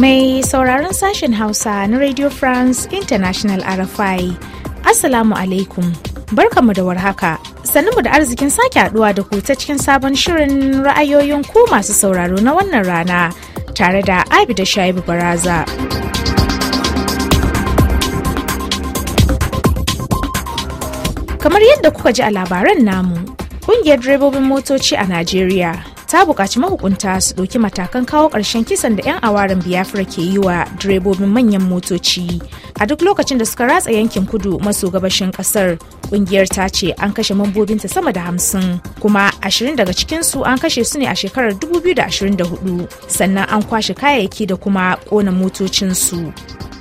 Mai sauraron sashen Hausa na Radio France International RFI, Assalamu alaikum, barkamu da warhaka. Sannu da arzikin sake haduwa da ku ta cikin sabon shirin ra'ayoyin ku masu sauraro na wannan rana tare da Abi da Shaibu Baraza. Kamar yadda kuka ji a labaran namu, Ƙungiyar direbobin motoci a Najeriya ta bukaci mahukunta su ɗauki matakan kawo ƙarshen kisan da 'yan awarin Biyafra ke yi wa direbobin manyan motoci. A duk lokacin da suka ratsa yankin kudu maso gabashin ƙasar, ƙungiyar ta ce an kashe mambobinta sama da hamsin, kuma ashirin daga cikinsu an kashe su ne a shekarar 2024, sannan an kwashe kayayyaki da kuma ƙona motocinsu.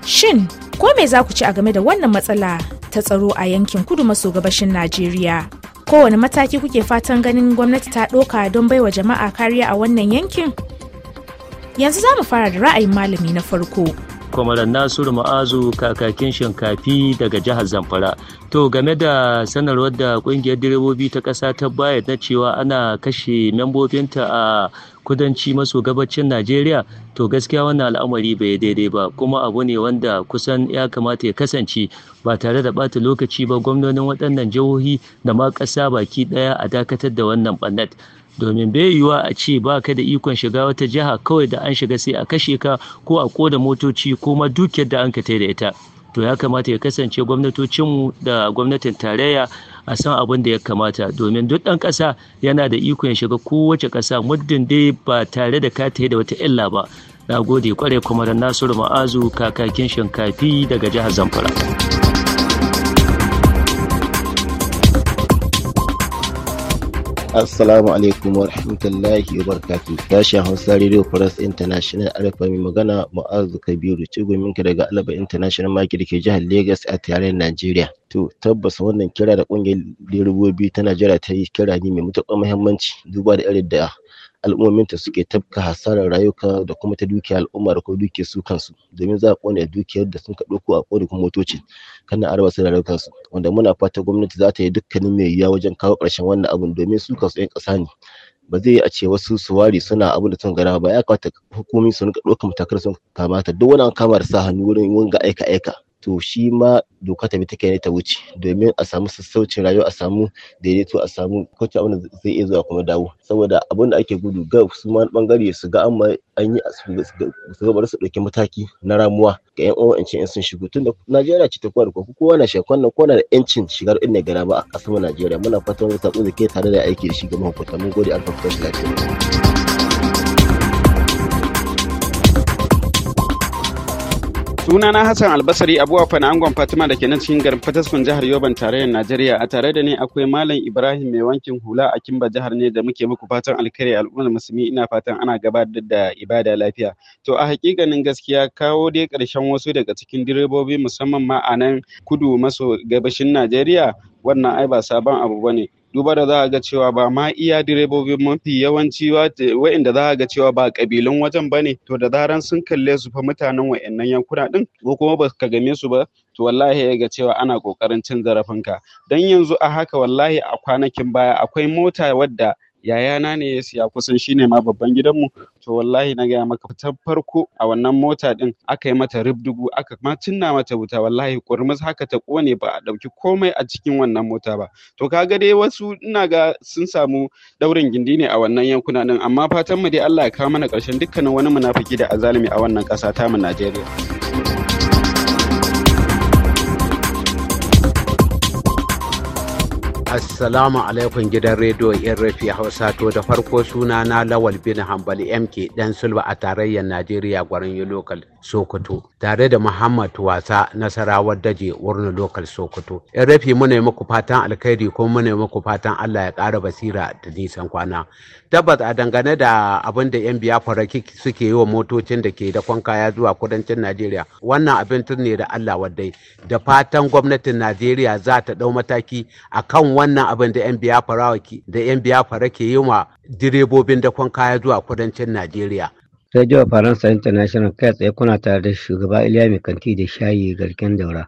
Shin, ko me za ku ci a game da wannan matsala ta tsaro a yankin kudu maso gabashin Najeriya? kowane mataki kuke fatan ganin gwamnati ta ɗoka don baiwa jama'a kariya a wannan yankin yanzu za mu fara da ra'ayin malami na farko kwamaran nasiru ma'azu kakakin shinkafi daga jihar zamfara to game da sanarwar da kungiyar direbobi ta ƙasa ta bayar na cewa ana kashe membobinta a kudanci maso gabacin najeriya to gaskiya wannan al'amari bai daidai ba kuma abu ne wanda kusan ya kamata ya kasance ba tare da ɓata lokaci ba gwamnonin waɗannan jihohi da ma ƙasa baki ɗaya a dakatar da wannan ɓannat domin bai yiwuwa a ce ba ka da ikon shiga wata jiha kawai da an shiga sai a kashe ka ko a koda motoci ko ma dukiyar da an ka da ita to ya kamata ya kasance gwamnatocinmu da gwamnatin tarayya a san abin da ya kamata domin duk ɗan ƙasa yana da ikon shiga kowace ƙasa muddin dai ba tare da ka da wata illa ba na gode kwarai kuma da nasiru ma'azu kakakin shinkafi daga jihar zamfara Assalamu alaikum wa rahmatullahi wa barakatu. Sashen Hausa Radio Press International Alfa mai magana Mu'azu Kabiru Cigumin ka daga alaba International Market ke jihar Lagos a tarayyar Najeriya. To tabbas wannan kira da kungiyar lirubobi ta Najeriya ta yi kira ne mai matuƙar muhimmanci duba da irin da ta suke tafka hasarar rayuka da kuma ta dukiyar al'umma da kuma dukiyar su kansu domin za a kone dukiyar da sun ka ɗauko a kone kuma motocin kana araba su da su, wanda muna fata gwamnati za ta yi dukkanin mai yiwuwa wajen kawo ƙarshen wannan abun domin su kansu 'yan ƙasa ne ba zai a ce wasu suwari suna abun da sun gara ba ya kamata hukumomi su ka ɗaukar matakan sun kamata duk wani an kama da sa hannu wurin wanga aika aika to shi ma doka ta bi ta ne ta wuce domin a samu sassaucin rayuwa a samu daidaito a samu kwacin abin da zai iya zuwa kuma dawo saboda abin da ake gudu ga su ma bangare su ga amma an yi su ga bari su dauki mataki na ramuwa ga yan uwan yancin yan sun shigo tunda Najeriya ce ta kowa da kowa na shakon nan kowa na da yancin shigar inda gara ba a kasar Najeriya muna fatan wani saƙo da ke tare da aiki da shi ga mahukunta mun gode alfa fresh lafiya. Suna na Hassan Albasari Abuwa Fana Angon Fatima da ke nan cikin garin Fataskun jihar Yoban tarayyar Najeriya a tare da ni akwai Malam Ibrahim mai wankin hula a Kimba jihar ne da muke muku fatan alkhairi al'ummar musulmi ina fatan ana gabatar da ibada lafiya. To a hakikanin gaskiya kawo dai karshen wasu daga cikin direbobi musamman ma a nan kudu maso gabashin Najeriya wannan ai ba sabon abu bane duba da za a ga cewa ba ma iya direbobin mafi yawanci wa'inda za a ga cewa ba kabilun wajen bane to da zaran sun kalle su fa mutanen wa'annan yankuna din ko kuma ba ka game su ba to wallahi ya ga cewa ana kokarin cin zarafinka dan yanzu a haka wallahi a kwanakin baya akwai mota wadda yayana ne ya siya kusan shine ma babban gidanmu to wallahi na gaya maka ta farko a wannan mota din aka yi mata rib dubu aka ma cinna mata wuta wallahi kurmus haka ta kone ba a dauki komai a cikin wannan mota ba to kaga dai wasu ina ga sun samu daurin gindi ne a wannan yankuna din amma fatan mu dai Allah ya kawo mana karshen dukkanin wani munafiki da azalimi a wannan kasa ta mu Najeriya Assalamu alaikum gidan rediyo rafi Hausa to da farko suna na Lawal bin Hambali MK dan Sulba a tarayyar Najeriya gwarin local Sokoto tare da Muhammad Wasa Nasarawar Daje Wurnu Lokal Sokoto. yan rafi muna muku fatan alkhairi kuma muna muku fatan Allah ya ƙara basira da nisan kwana. Tabbas a dangane da abin da 'yan biyafara suke yi wa motocin da ke da kaya zuwa kudancin Najeriya wannan abin ne da Allah waddai da fatan gwamnatin Najeriya za ta ɗau mataki a kan wannan abin da 'yan da 'yan biyafara ke yi wa direbobin dakon kaya zuwa kudancin Najeriya. Radio Faransa International kai tsaye kuna tare da shugaba Iliya mai Kanti da shayi garken daura.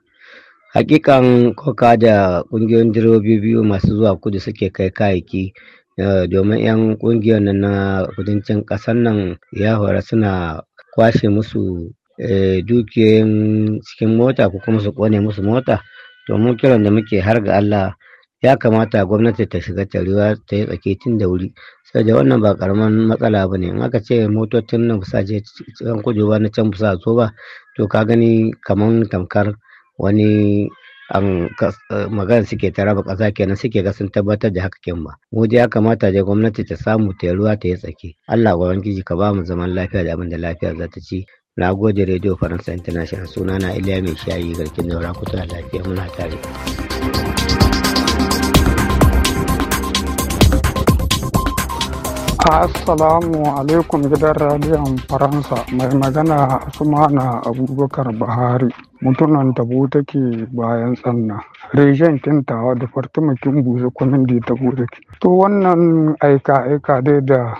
Hakikan koka da kungiyoyin direbobi biyu masu zuwa kudu suke kai kayaki eh, domin 'yan kungiyar nan na kudancin ƙasar nan ya hora suna kwashe musu eh, dukiyoyin cikin mota ko kuma su kone musu mota domin kiran da muke har ga Allah ya kamata gwamnati ta shiga ta riwa ta yi tsaki tun da wuri saboda wannan ba karaman matsala ba ne in aka ce motocin nan kusa je can kudu ba na can kusa so ba to ka gani kaman tamkar wani an magana suke tara ba ƙasa kenan suke ga sun tabbatar da haka kin ba mu ya kamata da gwamnati ta samu ta ruwa ta yi tsaki Allah ubangiji ka ba mu zaman lafiya da abin da lafiya za ta ci na gode radio faransa international na iliya mai shayi garkin daura kuta lafiya muna tare Assalamu alaikum gidan radiyon Faransa mai magana Asumana Abubakar Buhari mutunan tabo take bayan tsanna. Reshen kintawa da fartumakin buzu kwamindi tabo take. To wannan aika-aika dai da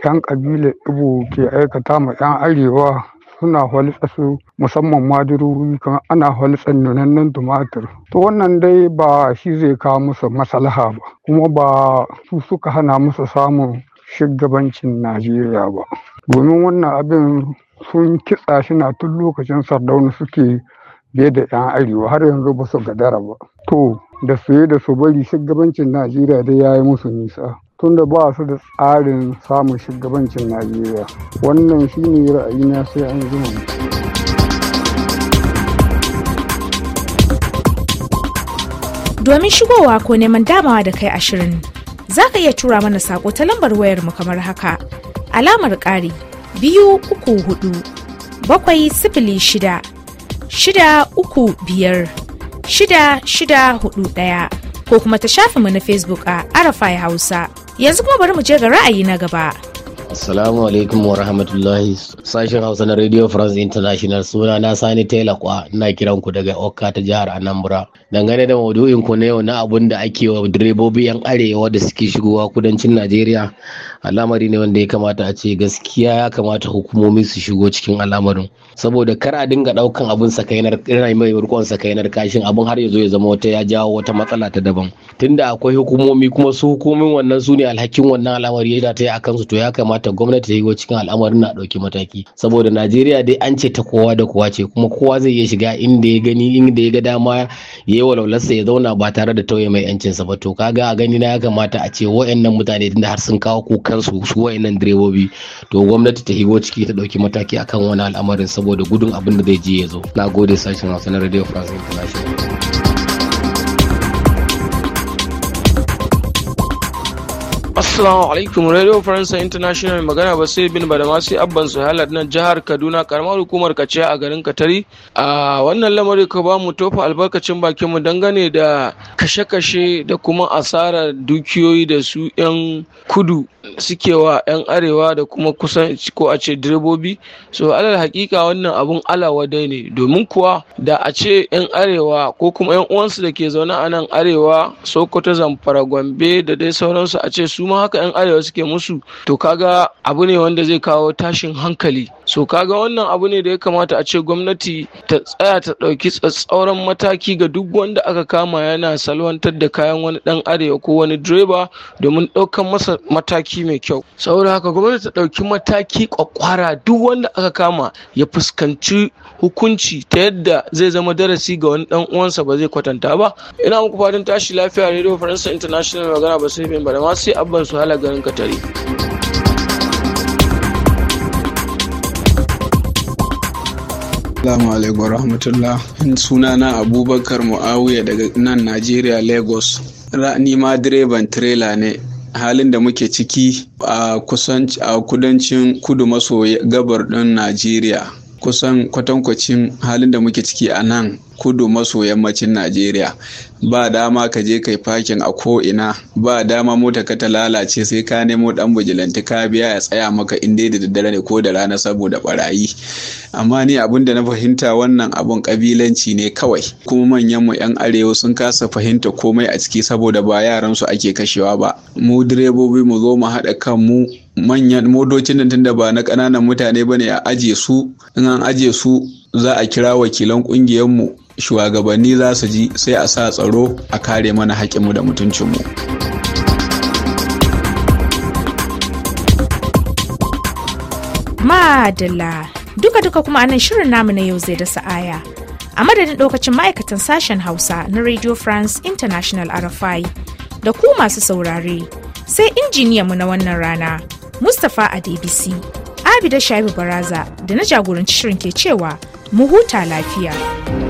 'yan kabila Ibo ke aikata ma 'yan arewa suna halitsa su musamman madiruri kan ana halitsa nunannen tumatir to wannan dai ba shi zai kawo musu masalaha ba kuma ba su suka hana musu samun shugabancin Najeriya ba. Domin wannan abin sun kitsa shi na tun lokacin sardauna suke biye da 'yan arewa har yanzu ba su gadara ba. To, da suye da su bari shugabancin Najeriya dai ya yi musu nisa. tunda ba su da tsarin samun shugabancin Najeriya. Wannan shine ra'ayina sai an zuma. domin shigowa ko neman damawa da kai ashirin za ka iya tura mana sako ta lambar wayar mu kamar haka alamar ƙari biyu uku hudu bakwai sifili shida shida uku biyar shida shida hudu daya, ko kuma ta mu na facebook a arafai hausa yanzu kuma bari mu je ga ra'ayi na gaba. Assalamu alaikum wa rahmatullahi sashen Hausa na Radio France International suna na Sani Taylor kwa ina kiran ku daga Okka ta jihar Anambra. dangane da maudu'in ku na yau na abun da ake wa direbobi yan arewa da suke shigowa kudancin najeriya al'amari ne wanda ya kamata a ce gaskiya ya kamata hukumomi su shigo cikin al'amarin saboda kar a dinga daukan abun sakainar yana mai rikon sakainar kashin abun har ya zo ya zama wata ya jawo wata matsala ta daban tunda akwai hukumomi kuma su hukumomin wannan su ne alhakin wannan al'amari ya ta yi a kansu to ya kamata gwamnati ta yi cikin al'amarin na dauki mataki saboda najeriya dai an ce ta kowa da kowa ce kuma kowa zai iya shiga inda ya gani inda ya ga dama ya yi walwalarsa ya zauna ba tare da tauye mai yancinsa ba to kaga a gani na ya kamata a ce wayannan mutane tunda har sun kawo kukan su su wayannan direbobi to gwamnati ta higo ciki ta dauki mataki akan wani al'amarin saboda gudun abin da zai je ya zo na gode sashen hausa na radio france international Assalamu alaikum Radio Faransa International magana magana Basir bin Badamasi Abban halar nan jihar Kaduna karamar hukumar kace a garin Katari. A wannan lamarin ka ba mu tofa albarkacin bakin mu dangane da kashe-kashe da kuma asarar dukiyoyi da su 'yan kudu suke wa 'yan arewa da kuma kusan ko a ce direbobi so alal hakika wannan abun alawade ne domin kuwa da a ce 'yan arewa ko kuma 'yan uwansu da ke zaune a nan arewa sokoto zamfara gombe da dai sauransu a ce su ma haka 'yan arewa suke musu to kaga abu ne wanda zai kawo tashin hankali so kaga wannan abu ne da ya kamata a ce gwamnati ta tsaya ta ɗauki tsatsauran mataki ga duk wanda aka kama yana salwantar da kayan wani dan arewa ko wani direba domin ɗaukan masa mataki mai kyau saboda haka gwamnati ta ɗauki mataki kwakwara duk wanda aka kama ya fuskanci hukunci ta yadda zai zama darasi ga wani ɗan uwansa ba zai kwatanta ba ina muku fatan tashi lafiya radio faransa international magana ba sai ba da ma sai abu dabbar su hala garin katari Salamu alaikum rahmatullah sunana Abubakar Muawiya daga nan Najeriya Lagos Ra'ani ma direban trela ne halin da muke ciki a kudancin kudu maso gabar ɗin Najeriya kusan kwatankwacin halin da muke ciki a nan kudu maso yammacin najeriya ba dama ka je kai fakin a ko'ina ba dama mota ka ta lalace sai ka nemo dan bujilanti ka biya ya tsaya maka in dai da daddare ne ko da rana saboda barayi amma ni abin da na fahimta wannan abun kabilanci ne kawai kuma manyan mu yan arewa sun kasa fahimta komai a ciki saboda ba yaran su ake kashewa ba mu direbobi mu zo mu haɗa kanmu manyan motocin da tunda ba na ƙananan mutane ba ne a aje su in an aje su za a kira wakilan ƙungiyarmu shugabanni za su ji sai a sa tsaro a kare mana haƙinmu da mutuncinmu. Madalla duka-duka kuma anan shirin namu na yau zai da sa'aya. A madadin ɗaukacin ma'aikatan sashen Hausa na Radio France International RFI da ku masu saurare. sai injiniyanmu na wannan rana. Mustapha a DBC, Abida Shaibu Baraza da na jagoranci shirin ke cewa mu huta lafiya.